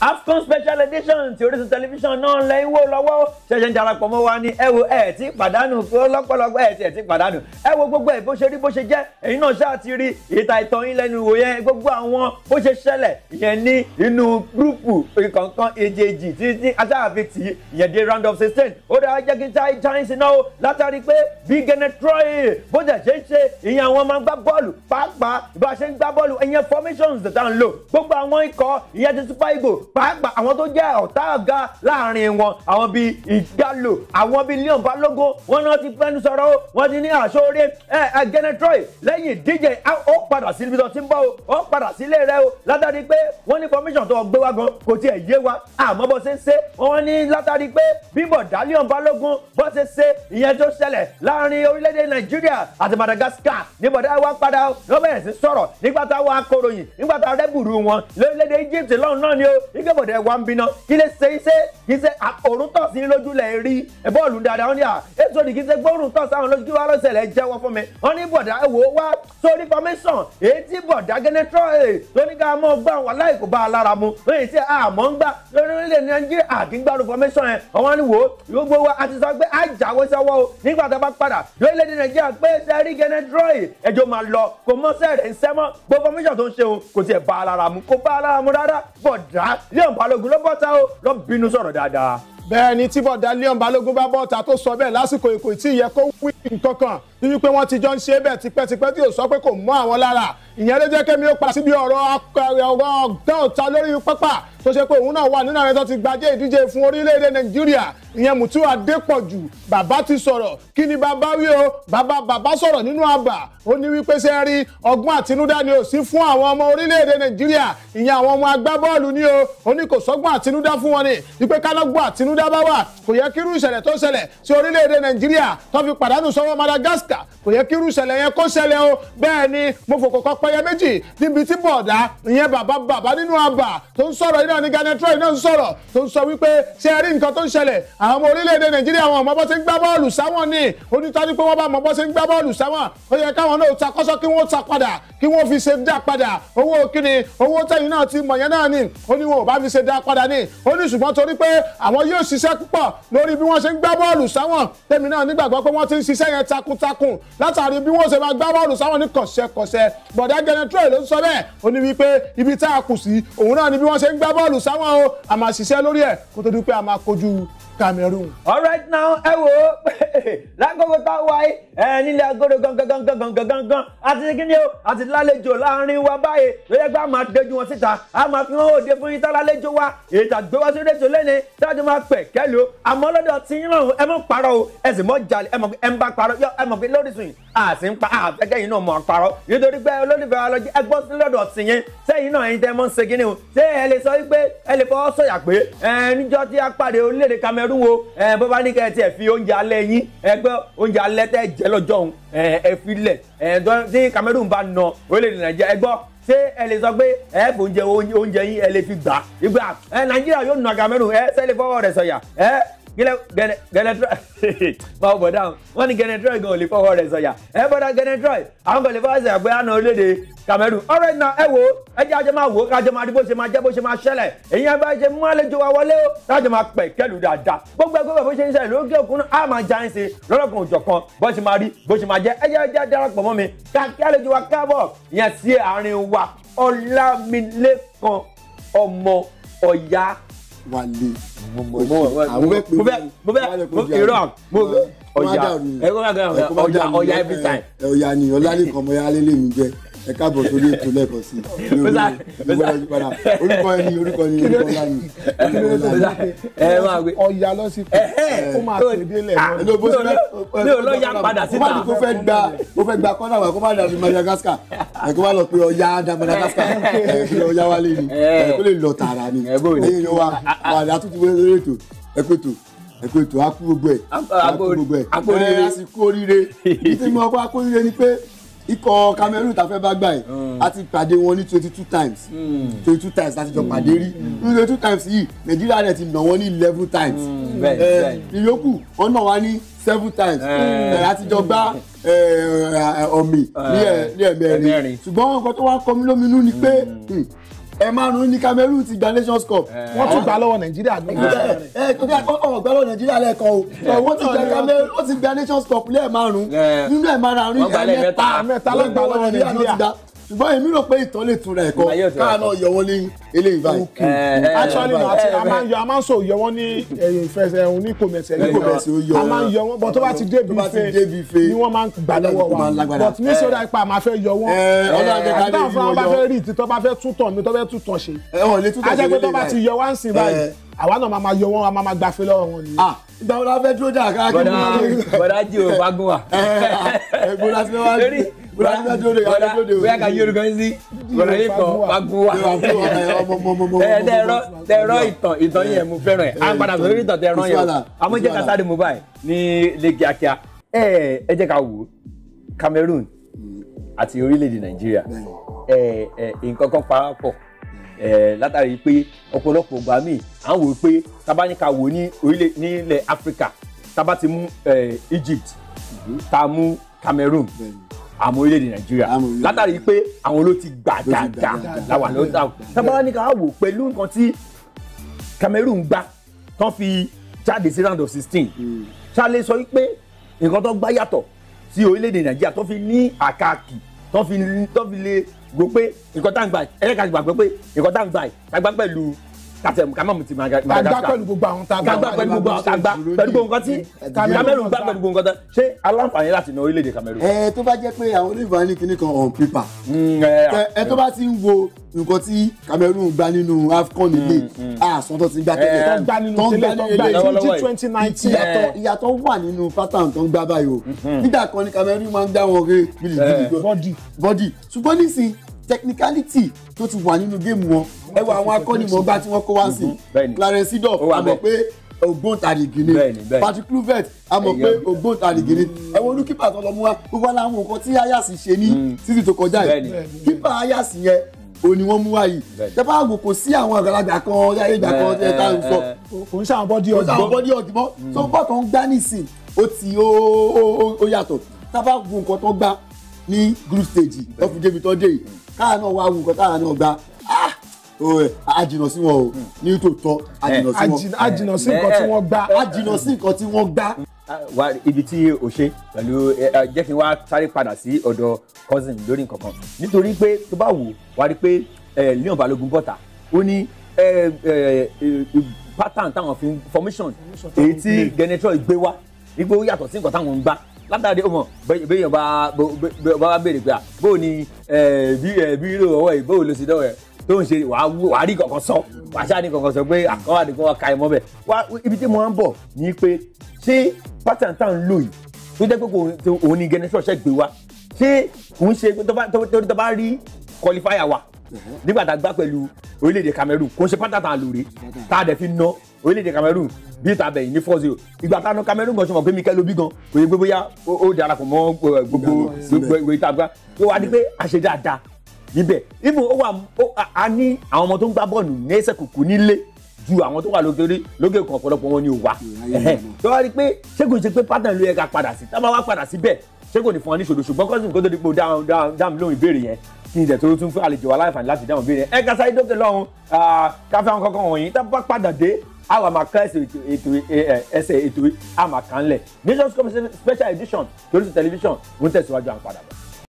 AFCON special edition ti Orísun tẹlifíṣàn náà lẹ ń wò lọ́wọ́ ṣẹ̀ṣẹ̀ ń darapọ̀ mọ́ wa ni ẹ wo ẹ ti pàdánù kó lọ́pọ̀lọpọ̀ ẹ ti ẹ ti pàdánù ẹ wo gbogbo ẹ bó ṣe rí bó ṣe jẹ́ ẹ̀yin náà ṣáà ti rí ìta ìtàn yín lẹ́nu wò yẹn gbogbo àwọn bó ṣe ṣẹlẹ̀ yẹn ní inú gúrúùpù ìkọ̀ọ̀kan èjèèjì tí tí aṣáàfin tì í yẹn dé round of sixteen ó dáa jẹ́ kí n ta giants náà o látàrí pé bí genetroy bó ṣe ṣe ṣe ìyẹn àwọn máa ń gbá bọ́ọ̀lù pàápàá bá a ṣe ń gbá formations tá à ń lò gbogbo àwọn ikọ̀ ìyẹn ti super pàápàá àwọn tó jẹ́ ọ̀tá ọ̀gá láàrin wọn àwọn bíi ìdálò àwọn bíi leon balogun wọn náà ti fẹ́nu sọ̀rọ̀ o wọn ti ní àṣọre ẹ ẹ gẹnẹtrọ́ì lẹ́yìn díje ó padà sí ibi tó ti ń bọ̀ o ó padà sílé rẹ o látàrí pé wọ́n ní commission tó gbé wá gan kò tiẹ̀ yé wa àmọ́ bó ṣe ń ṣe wọ́n ní látàrí pé bíbọ̀ dá leon balogun bó ṣe ṣe ìyẹn tó ṣẹlẹ̀ láàrin orílẹ̀-èdè nàìjíríà àti madagascar ní bọ̀dá wa padà lọ́bẹ̀rẹ̀ sí sọ̀rọ̀ nígbà táwọn akọ̀ròyìn nígbà táwọn rẹ́bùrù wọn lórílẹ̀-èdè egypt lọ́run náà ni o nígbà bọ̀dẹ̀ ẹ̀ wá ń bínà kí lè ṣe iṣẹ́ kì í ṣe òórùn tọ̀ sí lójú lẹ̀ rí bọ́ọ̀lù dáadáa wọ́n ní à èso nì kí ṣe gbóòórùn tọ̀ sáwọn lójú kí wọ́n lọ́sẹ̀ lẹ̀ jẹ́wọ́ fún mi wọ́n ní bọ̀dà ẹ̀ wò ó wá sórí formation èyí tí bọ̀dà gẹ́nẹ́trọ̀ ẹ̀ tó ní ká mọ́ gbà wọ́n láì kó bá a lára mu lóyè tí àmọ́ ń gbà lórílẹ̀ nàìjíríà àkíngbàrú formation ẹ̀ wọ́n ní wò ó gbogbo wa àti sọ pé àjàwé sọ́wọ́ o nígbà tó bá padà lórílẹ̀ nàìjíríà pé sẹ́rí gẹ́nẹ́trọ̀ ẹ̀ ẹjọ́ máa lọ kò mọ́ sẹ́rẹ̀ ń sẹ́mọ́ gbogbo formation tó ń ṣe òun kò a lára mu Leon Balogun ló bọ́ta ó lọ bínú sọ̀rọ̀ dáadáa. bẹ́ẹ̀ ni tíbọ̀dá Leon Balogun bá bọ́ta tó sọ bẹ́ẹ̀ lásìkò èkó tí ìyẹ kó wí nǹkan kan wípé wọ́n ti jọ ń ṣe bẹ́ẹ̀ tipẹ́tipẹ́ tí ò sọ pé kò mọ́ àwọn lára ìyẹn ló jẹ́ kémi ó pa síbi ọ̀rọ̀ ọ̀gá ọ̀tá lórí pápá tó ṣe pé òun náà wà nínú àwọn ẹ̀tọ́ ti gbajẹ́ ìdíje fún orílẹ̀-èdè nàìjíríà ìyẹn Mutiu Adépọ̀jù bàbá ti sọ̀rọ̀ kí ni bàbá wí o bàbá bàbá sọ̀rọ̀ nínú àbà ó ní wípé ṣe rí ọgbọ́n àtinúdá ni ò sí fún àwọn ọmọ orílẹ̀-èdè nàìjíríà ìyẹn àwọn ọmọ agbábọ́ọ̀lù ni o ó ní kò sọ́gbọ́n àtinúdá fún wọn ni wípé kálọ́gbọ́n àtinúdá bá wà kò yẹ kírú ìṣẹ̀lẹ̀ tó ṣẹlẹ̀ sí orílẹ̀-èdè nàìjíríà tó fi pàdánù sọ́wọ́ Madagascar Alaska kò yẹ kí irú ìṣẹ̀lẹ̀ yẹn kó ṣẹlẹ̀ o bẹ́ẹ̀ ni mo fòkò kan pẹyẹ méjì níbi tí bọ̀dá ìyẹn bàbá bàbá nínú àbà tó ń sọ̀rọ̀ iná ní Garnet Troy náà ń sọ̀rọ̀ tó ń sọ wípé ṣé ẹ rí nǹkan tó ń ṣẹlẹ̀ àwọn ọmọ orílẹ̀-èdè Nàìjíríà wọn ọmọ bó ṣe ń gbá bọ́ọ̀lù sáwọn ni onítọ́ni pé wọ́n bá mọ bó ṣe ń gbá bọ́ọ̀lù sáwọn ó yẹ káwọn náà takọ́sọ́ kí wọ́n ta padà kí wọ́n fi ṣe dá padà owó kíni owó tẹ̀yìn náà ti mọ̀ yẹn náà ni ó ní wọn ò bá fi ṣe dá padà ni ó ní ṣùgbọ́n torí pé àwọn yóò ṣiṣẹ́ púpọ̀ lórí bí wọ́n ṣe ń gbá bọ́ọ̀lù sáwọn tèmi náà nígbàgbọ́ pé wọ́n ti ń ṣiṣẹ́ yẹn takuntak lẹ́kùn látàrí bí wọ́n ṣe máa gbá bọ́ọ̀lù sáwọn ní kọ̀ṣẹ́kọ̀ṣẹ́ bọ̀dá gẹnẹtúrẹ̀ ló sọ bẹ́ẹ̀ ó ní wípé ibi tá a kù sí òun náà ni bí wọ́n ṣe ń gbá bọ́ọ̀lù sáwọn o a máa ṣiṣẹ́ lórí ẹ̀ kó tó di pé a máa kojú Cameroon. all right now ẹ wo lákòókò tá a wáyé ẹ nílẹ̀ agodo gangan gangan gangan àti kíni o àti lálejò láàrin wa báyìí ló yẹ pé a máa dojú wọn síta a máa fi wọn òde fún yín tá lálejò wa ètò àgbéwá sí rédíò lẹ́ni tájú máa pẹ̀ kẹ́lu àmọ́ lọ́dọ̀ tí yín náà ẹ mọ̀ parọ́ o ẹ sì mọ̀ jalè ẹ mọ̀ ẹ ń bá parọ́ yọ ẹ mọ̀ pé pé lóríṣun yìí àti ń pa àfẹ́kẹ́ yìí náà mọ̀ àparọ́ nítorí pé olólùfẹ́ wa lọ́jọ́ ẹgbọ́ sí lọ́dọ̀ sí yẹn sẹ́yìn náà ẹ̀yin tẹ́ mọ́ ń ṣe kínní o ṣé ẹ lè sọ wípé ẹ lè fọwọ́ sọ̀yà pé ẹ níjọ́ tí a pàdé orílẹ̀-èdè Cameroon wo ẹ bó bá ní kẹ́ ẹ tiẹ̀ fi oúnjẹ alẹ́ yín ẹgbẹ́ oúnjẹ alẹ́ tẹ́ jẹ lọ́jọ́ òun ẹ fi lẹ̀ ẹ tí Cameroon bá na orílẹ̀-èdè Nàìjíríà ẹgbọ́ ṣé ẹ lè sọ pé ẹ bò oúnjẹ oúnjẹ yín ẹ lè fi gbà ìgbà ẹ Nàìjíríà yóò nà Cameroon ẹ sẹ́lẹ̀ fọwọ́ rẹ̀ sọ̀yà ẹ gẹnẹtrọ máa bọ̀ dáhùn wọ́n ní gẹnẹtrọ gan ò lè fọwọ́ rẹ̀ sọ̀yà ẹ bọ́dá gẹnẹtrọ àwọn kò lè fọwọ́ sọ̀yà bóyá náà orílẹ̀-èdè Cameroon ọ̀rẹ́ náà ẹ wo ẹ jẹ́ ajẹ́ máa wò ó kájọ máa rí bó ṣe máa jẹ́ bó ṣe máa ṣẹlẹ̀ èyí ẹ bá ṣe mú àlejò wa wọlé o kájọ máa pẹ̀ kẹ́lù dáadáa gbogbo ẹgbẹ́ bó ṣe ń ṣẹlẹ̀ lókè òkun náà á máa já ń ṣe lọ́lọ́kan òjọ̀kan bó ṣe máa rí bó ṣe máa jẹ́ ẹ jẹ́ ajẹ́ darapọ̀ mọ́ mi káàkiri àlejò wa káàbọ̀ ìyẹn sí àárín wa Ọlámilékan ọmọ Ọ̀yá wálé àwọn bẹ pé mo bẹ mo irọ mo ọjà ọjà ọjà every time. ọjà ni ọlálẹ kan mo yálé lè mi jẹ ẹ káàbọ̀ sórí ètò lẹ́ẹ̀kan sí i ní orí padà orúkọ ẹni orúkọ ẹni orúkọ ńlá ni orúkọ ńlá ni ẹ máa gbé ọ̀ya lọ́sí pé ó máa tẹ̀ délẹ̀ ní o lọ́ya padà síta ó fẹ́ gba ó fẹ́ gba kọ́nà wà kó má dàbí Madagascar ẹ kó wá lọ pé ọya damadagasa ẹ eh. eh, ọya wálé ni ẹ eh. lè lọ tààrà ni ẹ̀yin ni wa wà ní atúntò wẹ́rẹ́ ètò ẹ pé akú gbogbo ẹ akú gbogbo ẹ ẹ àsìkò oríire ní tí akú oríire ni pé ikọ̀ Cameroon tá a fẹ́ bá gbà yìí hmm. a ti pàdé wọn ní twenty two times hmm. twenty two times láti jọ hmm. pàdé rí ní twenty two times yìí Nàìjíríà rẹ̀ ti nà wọ́n ní eleven times eh, ìyókù wọ́n nà wá ní seven times eh. eh, láti jọ gbá ọ̀mì ní ẹ̀mẹ́rin ṣùgbọ́n nǹkan tó wá kọ́ mi lóminú ni pé ẹ̀mánu ní Cameroon ti gba Nations Cup. Eh. wọ́n tún gbà lọ́wọ́ Nàìjíríà ní. ẹ eh, eh, kò bí akọ́kọ́ gbà lọ́wọ́ Nàìjíríà lẹ́ẹ̀kan o wọ́n ti gba Cameroon wọ́n ti gba Nations Cup lẹ́ẹ̀márùn-ún nínú ẹ̀márùn-ún ẹ̀mẹ́ta lọ́gbà lọ́wọ́ Nàìjíríà ṣùgbọ́n èmi rò pé ìtàn lè túnra ẹ̀kọ́ káàná yọ wọ́n ní eléyìí báyìí. Eh, eh, eh, actually na àti a máa ń yọ a máa ń sọ yọ wọ́n ní ìfẹsẹ̀ òun ní kòmẹ̀sẹ̀ ní kòmẹ̀sẹ̀ ó yọ a máa ń yọ wọ́n bọ́ tó bá ti débi ife ni wọ́n máa ń gbà lọ́wọ́ wa but ní sọ́dọ̀ ipa máa fẹ́ yọ wọ́n àtàwọn fún wa bá fẹ́ rí ti tó bá fẹ́ tún tàn mi tó fẹ́ tún tàn ṣe ajẹ́pẹ́ tó bá ti yọ wá ń sìn báyìí àwa náà máa ma yọ wọn a máa ma gbafẹ́ lọ́wọ́ wọn nìyẹn ah, ìgbà wo la fẹ́ dúró dà káàkiri. bọ̀dá jì ò fagun wa. ẹ̀gbọ́n láti lọ́wọ́ bọ́dá bóyá ká yí orúkọ sí bọ́dá yìí kan pàgbówà tẹ̀rọ tẹ̀rọ ìtàn ìtàn yẹn mo fẹ́ràn ẹ̀ à ń padà sórí ìtàn tẹ̀rọ yẹn àmọ́ jẹ́ ká sáré mobile ní ilé kíákíá ẹ ẹ jẹ́ ká wò ó Cameroon àti orílẹ̀-èdè Nàìjíríà nǹkan kan parapọ̀ látàrí pé ọ̀pọ̀lọpọ̀ ọgbà míì à ń wò ó pé tábánikà wò ní orílẹ̀ nílẹ̀ Áfíríkà tábà ti mú Egypt mhm. tá a mú Cameroon. Mm -hmm àmọ́ orílẹ̀-èdè nàìjíríà látàrí pé àwọn ló ti gbà dáadáa láwa ló dáa tábàlá ní ká wò pẹ̀lú nǹkan tí Cameroon gbà tán fi jáde sí round of sixteen hmm. ṣáàlẹ̀ sọ pé nǹkan tó gbá yàtọ̀ sí orílẹ̀-èdè nàìjíríà tó fi ní àkàkì tó fi lè rò pé nǹkan tá à ń gbà ẹ̀ẹ́dẹ́gbàgbọ́ pé nǹkan tá à ń gbà ẹ̀ kàtẹ kàmá mu ti Madagascar. kàgbá pẹ̀lú gbogbo àwọn tàgbà kàgbà pẹ̀lú gbogbo àwọn tàgbà pẹ̀lú gbogbo nǹkan tí Cameroon gbà pẹ̀lú gbogbo nǹkan tí ṣé aláǹfààní láti na orílẹ̀-èdè Cameroon. ẹ tó bá jẹ́ pé àwọn oníbàárà ní kinní kan on paper. Mm, ẹ tó bá ti ń wo nǹkan tí Cameroon gbà nínú AFCON ilé mm, mm. àsán tó ti gbà tẹ́lẹ̀ tó ń gbà nínú tẹ́lẹ̀ tó ń gbà twenty twenty nineteen. ìyàtọ̀ wà nínú pattern tó ń gbà báyìí o nígbà kan ni Cameroon máa ń gbà wọn ré bílíbílí eh, bọ́dì ṣùgbọ́n nísìnyí technicality tó ti wà nínú géèmù wọn ẹ wo àwọn akọ́nimọ̀ọ́gbá tí wọ́n kó wá sí Clarence Seedorf a mọ̀ pé ògbóǹtarìgì ni Patrick Kluivert a mọ̀ pé ògbóǹtarìgì ni ẹ wo olùkípà tó lọ mú wa gbogbo àwọn nǹkan tí Ayas ṣe ní hmm. títí tó kọjá yìí kípà Ayas yẹn o ni wọn mú wá yìí tẹpá àgbò kò sí àwọn àgbàlagbà kan ọjà ìgbà kan ọjà ìta ń sọ kò ń ṣàwọn bọ́dí ọ̀dìmọ́ kò ń ṣàwọn bọ́dí ọ̀dìmọ́ tó bọ́ tó ń gbá nìsín o ti o yàtọ̀ tábà wo nǹkan tó gbá ní group stage tó fi débi tó dé yìí káà náà wá wo nǹkan táà náà gbá àjìnà oh, eh, sí wọn o ní tòótọ́ àjìnà eh, sí wọn. àjìnà eh, sí nǹkan tí wọ́n gbá. àjìnà sí nǹkan tí wọ́n gbá. wá ibi tí o ṣe pẹ̀lú jẹ́ kí n wá sáré padà sí ọ̀dọ̀ cousin lórí nǹkan kan nítorí pé tó bá wù wá rí pé Leon Balogun bọ́ta ó ní pattern táwọn fi formation èyí tí Genetro gbé wá igbó yàtọ̀ sí nǹkan táwọn ń gbá látàrí ọmọ béèyàn bá bá béèrè pé à bóò ni bí bírò ọwọ́ yìí bóò ló sì dọ́wọ́ ẹ̀ tó ń ṣe wàá rí kankan sọ wàá ṣáà ní kankan sọ pé àkọ́wà ní kankan ka ẹ̀ mọ́ bẹ̀ wá ibi tí mo ń bọ̀ ni pé ṣé pattern tá à ń lò yìí tó jẹ́ pé òun ni generation ṣẹ̀ gbé wa ṣé kò ń ṣe torí tó bá rí qualifier wa nígbà tá a gbá pẹ̀lú orílẹ̀-èdè Cameroon kò ń ṣe pátá tá a lò rè tá a dẹ̀ fi ná orílẹ̀-èdè Cameroon bí ìta bẹ̀yìn ní four zero ìgbà tá a ná Cameroon gan sọmọ pé Mikel Obi gan kò yẹ pé bóyá ó darapọ̀ mọ́ eh, gbogbo gbogbo ìta gbá yóò wá di pé a dáadáa níbẹ̀ even ó wà á ní àwọn ọmọ tó ń gbá bọ́ọ̀lù ní ẹsẹ̀ kùkù nílé ju àwọn tó wà lókèrè lókè kan ọ̀pọ̀lọpọ̀ wọn ni ò wà tó wá rí i pé ṣé kò ṣe pé pátánù ló yẹ ká padà sí tá a bá wá padà síbẹ̀ ṣé kò ní fún ọ ní ṣòro ṣùgbọ́n kọ́sìn kó tó di pé dáhùn lóhùn ìbéèrè yẹn kí n jẹ́ tó tún fún àlejò aláìfàní láti dáhùn ìbéèrè yẹn ẹ ká sáré dókè lọ́hùn káfíń àwọn kankan wọ̀nyí tá a bá padà dé àwa máa ká ẹsẹ̀ ètò ẹsẹ̀ ètò àmàkánlẹ̀ Nations Cup special edition torí ti tẹlifíṣàn ń tẹ̀síwájú à ń padà bọ̀.